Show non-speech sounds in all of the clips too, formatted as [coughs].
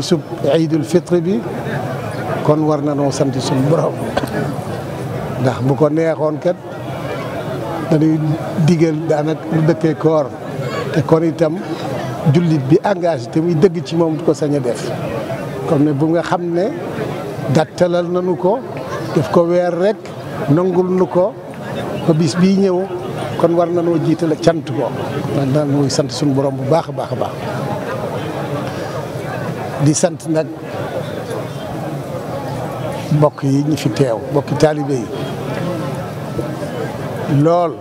bisub iidul fitri bi kon war na noo sant suñu borom ndax bu ko neexoon kat dañuy digal daanak lu dëkkee koor te kon itam jullit bi engage te muy dëgg ci moom du ko sañ def kon ne bu nga xam ne dattalal nañu ko def ko weer rek nangul nu ko ba bii ñëw kon war na noo jiital ak cant ko war na muy sant suñu borom bu baax a baax a baax di sant nag mbokk yi ñu fi teew mbokki taalibe yi lool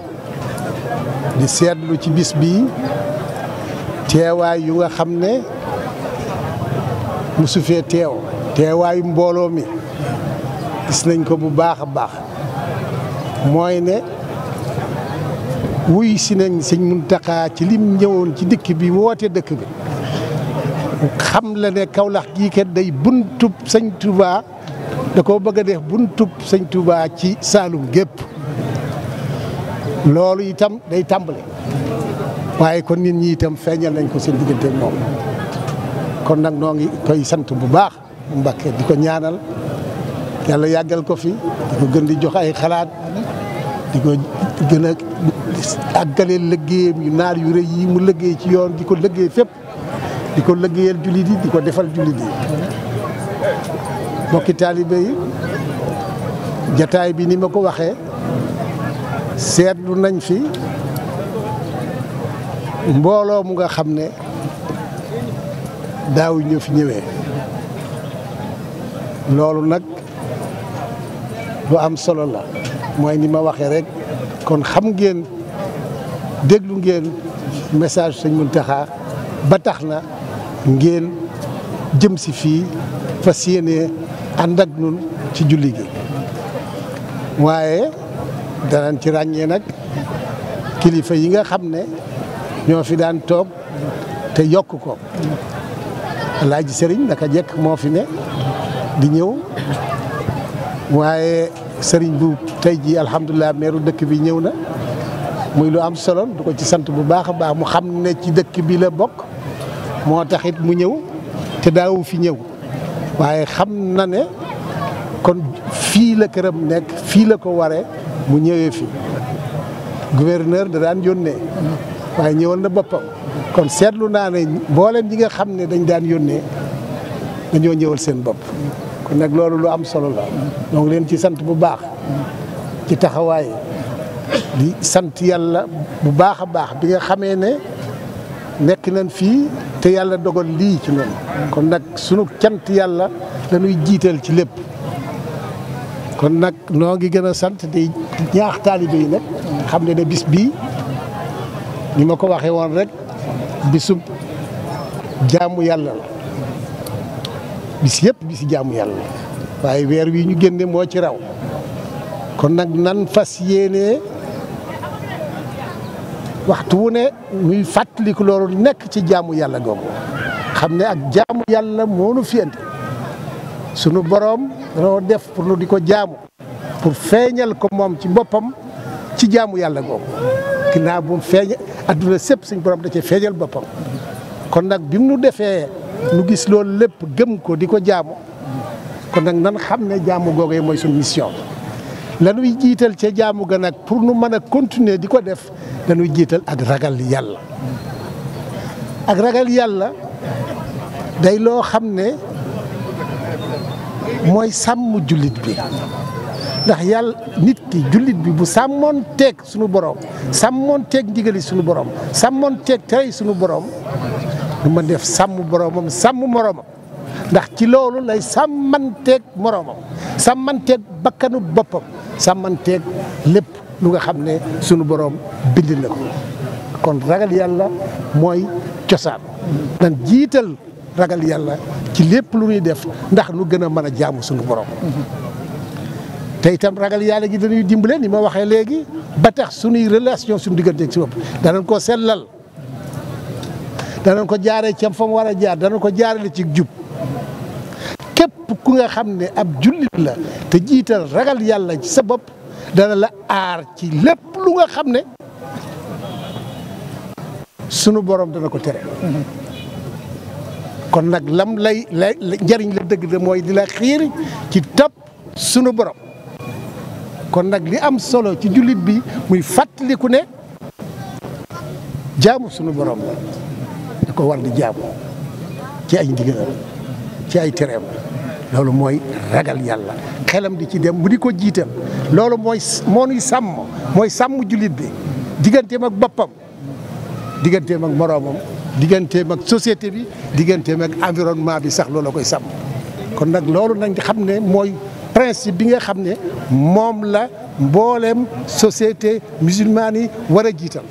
di seetlu ci bis bii teewaay yu nga xam ne musu fee teew teewaayu mbooloo mi gis nañ ko bu baax a baax mooy ne wuy si nañ sëñ Muntaxa ci lim ñëwoon ci dikk bi woote dëkk bi xam la ne kawlax gii kat day buntub sëñ Touba da koo bëgg a def buntub sañ tubaa ci Saalum gépp loolu itam day tàmbale waaye kon nit ñi itam feeñal nañ ko seen diggante moom kon nag noo ngi koy sant bu baax Mbàkke di ko ñaanal yàlla yàggal ko fi di ko gën di jox ay xalaat di ko gën a àggale liggéeyam yu naar yu rëy yi mu liggéey ci yoon di ko liggéey fépp di ko lëggéeyal jullit yi di ko defal jullit yi mbokki taalibe yi jataay bi ni ma ko waxee seetlu nañ fi mbooloo mu nga xam ne daaw ñu fi ñëwee loolu nag lu am solo la mooy ni ma waxee rek kon xam ngeen déglu ngeen message Sëñ Muntaxa ba tax na ngeen jëm si fii fas yéene ànd ak ci julli gi waaye danan ci ràññee nag kilifa yi nga xam ne ñoo fi daan toog te yokk ko Alaaji Sëriñ naka jekk moo fi ne di ñëw waaye sëriñ bu tey jii alhamdulilah meeru dëkk bi ñëw na muy lu am solo du ko ci sant bu baax a baax mu xam ne ci dëkk bi la bokk moo taxit mu ñëw te daawu fi ñëw waaye xam na ne kon fii la këram nekk fii la ko waree mu ñëwee fi gouverneur da daan yónnee waaye ñëwal na boppam kon seetlu naa ne mboolem ñi nga xam ne dañ daan yónnee dañoo ñëwal seen bopp kon nekk loolu lu am solo la ñoo leen ci sant bu baax ci taxawaay di sant yàlla bu baax a baax bi nga xamee ne nekk nañ fii te yàlla dogal lii ci noonu kon nag sunu cant yàlla dañuy jiital ci lépp kon nag noo ngi gën a sant di ñaax taalibe yi nag xam ne na bis bii ni ma ko waxee woon rek bisu jaamu yàlla la bis yëpp bisi jaamu yàlla la waaye weer wi ñu génne moo ci raw kon nag nan fas yéenee waxtu wu ne ñuy fàttaliku loolu nekk ci jaamu yàlla googu xam ne ak jaamu yàlla moo nu fi sunu boroom danoo def pour nu di ko jaamu pour feeñal ko moom ci boppam ci jaamu yàlla googu ginnaaw bu feeñ adduna sëpp suñ borom da cee feeñal boppam kon nag bi mu nu defee nu gis loolu lépp gëm ko di ko jaamu kon nag nan xam ne jaamu googu mooy suñu mission lañuy jiital ca jaamu ga pour nu mën a continuer di ko def dañuy jiital ak ragal yàlla ak ragal yàlla day loo xam ne mooy sàmm jullit bi ndax yàlla nit ki jullit bi bu sàmmoon teeg suñu borom sàmmoon teeg ndigali suñu borom sàmmoon teeg tey suñu boroom lu ma def sàmm boromam sàmm moromam ndax ci loolu lay sàmmanteeg moroomam sàmmanteeg bakkanu boppam sàmmanteeg lépp lu nga xam ne sunu boroom bind na ko kon ragal yàlla mooy cosaan dan jiital ragal yàlla ci lépp lu ñuy def ndax nu gën a mën a jaamu sunu borom te itam ragal yàlla gi dañuy dimbale ni ma waxee léegi ba tax sunuy relation suñu digganteeg si bopp danañ ko sellal danañ ko jaaree cam fa mu war a jaar danañ ko jaarale ci jub képp ku nga xam ne ab jullit la te jiital ragal yàlla ci sa bopp dana la aar ci lépp lu nga xam ne sunu borom dana ko tere kon nag lam lay lay la dëgg de mooy di la xiir ci topp sunu borom kon nag li am solo ci jullit bi muy fàttaliku ne jaamu sunu borom la da ko war di jaamu ci ay ndigalam ci ay tereem loolu mooy ragal yàlla xelam di ci dem bu di ko jiital loolu mooy moo nuy sàmm mooy sàmm jullit bi digganteem ak boppam digganteem ak moroomam digganteem ak société bi digganteem ak environnement bi sax loolu koy sàmm kon nag loolu nañ xam ne mooy principe bi nga xam ne moom la mbooleem société musulmane yi war a jiital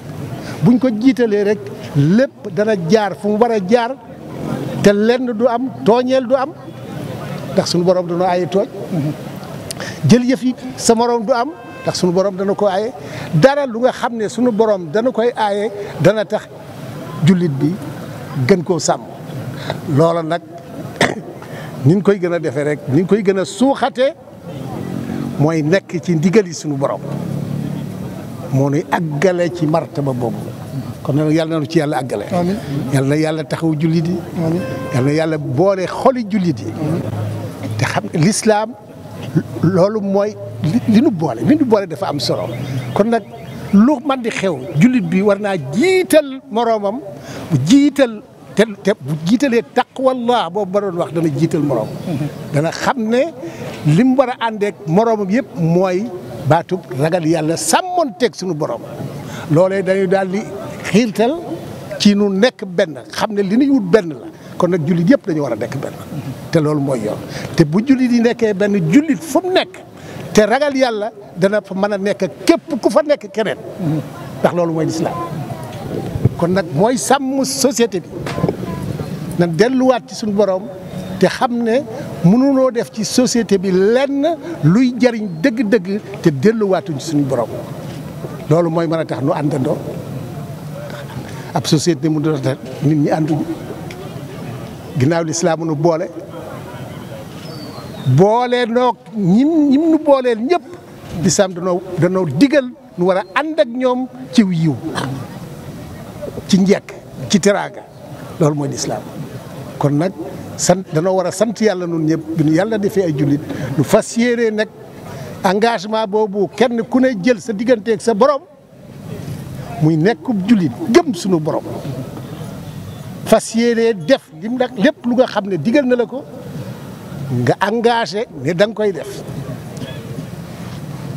buñ ko jiitalee rek lépp dana jaar fu mu war a jaar te lenn du am tooñeel du am ndax suñu borom dana aaye tooñ jël yëf yi sa morom du am ndax suñu borom dana ko aaye dara lu nga xam ne suñu borom dana koy aaye dana tax jullit bi gën koo sàmm loola nag [coughs] ni ñu koy gën a defee rek ni ñu koy gën a suuxatee mooy nekk ci ndigali suñu borom moo nuy àggale ci martaba boobu kon nag yàlla na ci yàlla àggale. amiin yàlla na yàlla taxaw jullit yi. yàlla na yàlla boole xoli jullit yi. te xam lislaam loolu mooy li nu boole li nu boole dafa am solo kon nag lu man di xew jullit bi war naa jiital moroomam bu jiital te bu jiitalee taqwallah boobu ma doon wax dana jiital moroom [laughs] dana xam ne li mu war a àndeek moroomam yëpp mooy baatub ragal yàlla sàmmoon teg sunu borom loolee dañu daal di xiirtal ci nu nekk benn xam ne li ñuy wut benn la kon nag jullit yëpp dañu war a nekk benn te loolu mooy yoon te bu jullit yi nekkee benn jullit fu mu nekk te ragal yàlla dana fa mën a nekk képp ku fa nekk keneen ndax loolu mooy lislaam kon nag mooy sàmm société bi na delluwaat ci suñ borom te xam ne mënunoo def ci société bi lenn luy jariñ dëgg-dëgg te delluwaatuñ ci suñu borom loolu mooy mën a tax nu àndandoo ab société mu doon rafet nit ñi ànduñu ginnaaw lislaam nu boole boole noo ñim ñim nu booleel ñëpp lislaam danoo danoo digal nu war a ànd ak ñoom ci yiw ci njekk ci teraanga loolu mooy lislaam kon nag sant danoo war a sant yàlla nun ñëpp bi nu yàlla defee ay jullit nu fas yéenee nag engagement boobu kenn ku ne jël sa digganteeg sa borom muy nekkub jullit gëm sunu borom fas yéenee def lim nag lépp lu nga xam ne digal na la ko nga engagé ne da nga koy def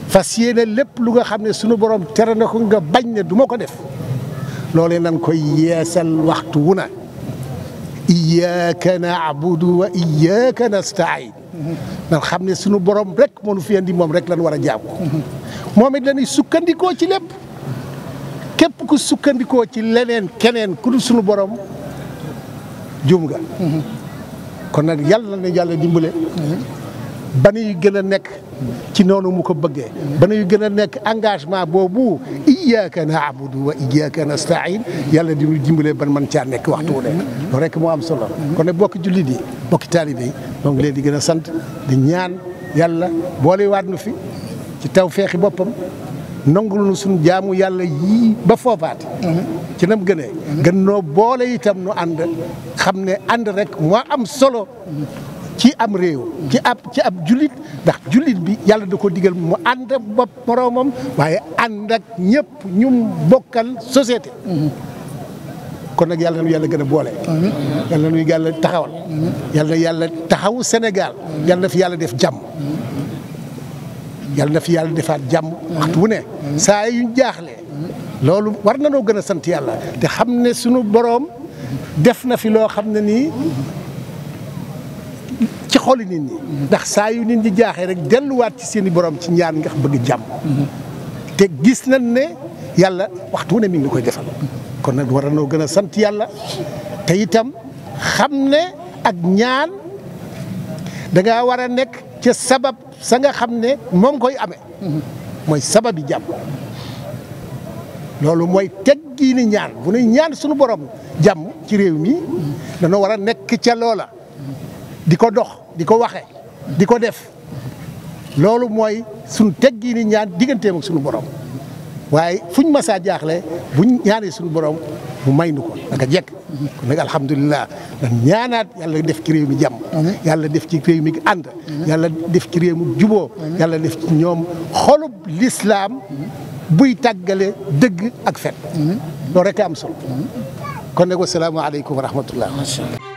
fas yéene lépp lu nga xam ne sunu borom tere na ko nga bañ ne du ma ko def loole nan koy yeesal waxtu wu na iyyaka na'budu wa iyyaka nasta'in nan xam ne sunu borom rek moo nu fi di moom rek lan war a jaamu moom it lañuy sukkandikoo ci lépp képp ku sukkandikoo ci leneen keneen ku dul sunu borom nga. kon nag yàlla na yàlla dimbale. ba nuy gën a nekk ci noonu mu ko bëggee ba nuy gën a nekk engagement boobu iyyaka na'budu wa iyyaka nasta'in yàlla di ñu dimbalee ban man caa nekk waxtu wu nekk loolu rek moo am solo kon ne bokki jullit yi bokki taalibe yi donc leen di gën a sant di ñaan yàlla boole waat nu fi ci taw feexi boppam nangul nu suñ jaamu yàlla yii ba foofaate ci gëna gënee gën noo boole itam nu ànd xam ne ànd rek moo am solo ci am réew ci ab ci ab jullit ndax jullit bi yàlla da ko digal mu ànd bopp moroomam waaye ànd ak ñëpp ñu bokkal société kon nag yàlla na yàlla gën a boole yàlla na yàlla taxawal yàlla yàlla taxaw Sénégal yàlla fi yàlla def jàmm yàlla na fi yàlla defaat jàmm waxtu wu ne saa yu ñu jaaxlee loolu war na noo gën a sant yàlla te xam ne sunu boroom def na fi loo xam ne nii ci xoli nit ñi ndax saa yu nit ñi jaaxe rek delluwaat ci seeni borom ci ñaan nga bëgg jàmm te gis nañ ne yàlla waxtu wu ne mi ngi koy defal kon nag war nañoo gën a sant yàlla te itam xam ne ak ñaan da war a nekk ca sabab sa nga xam ne moom koy amee mooy sababi jàmm loolu mooy teggiini ñaan bu nuy ñaan suñu borom jàmm ci réew mi dañoo war a nekk ca loola di ko dox di ko waxe di ko def loolu mooy suñu teggiini ñaan digganteem ak suñu borom waaye fuñ masaa jaaxle buñ ñaanee suñu borom mu may nu ko naka jekk kon nag alhamdulilah ndax ñaanaat yàlla def ci réew mi jàmm yàlla def ci réew mi ànd yàlla def ci réew mi juboo yàlla def ci ñoom xolub lislaam buy tàggale dëgg ak fen loolu rek am solo kon nag wasalaamaaleykum wa rahmatullah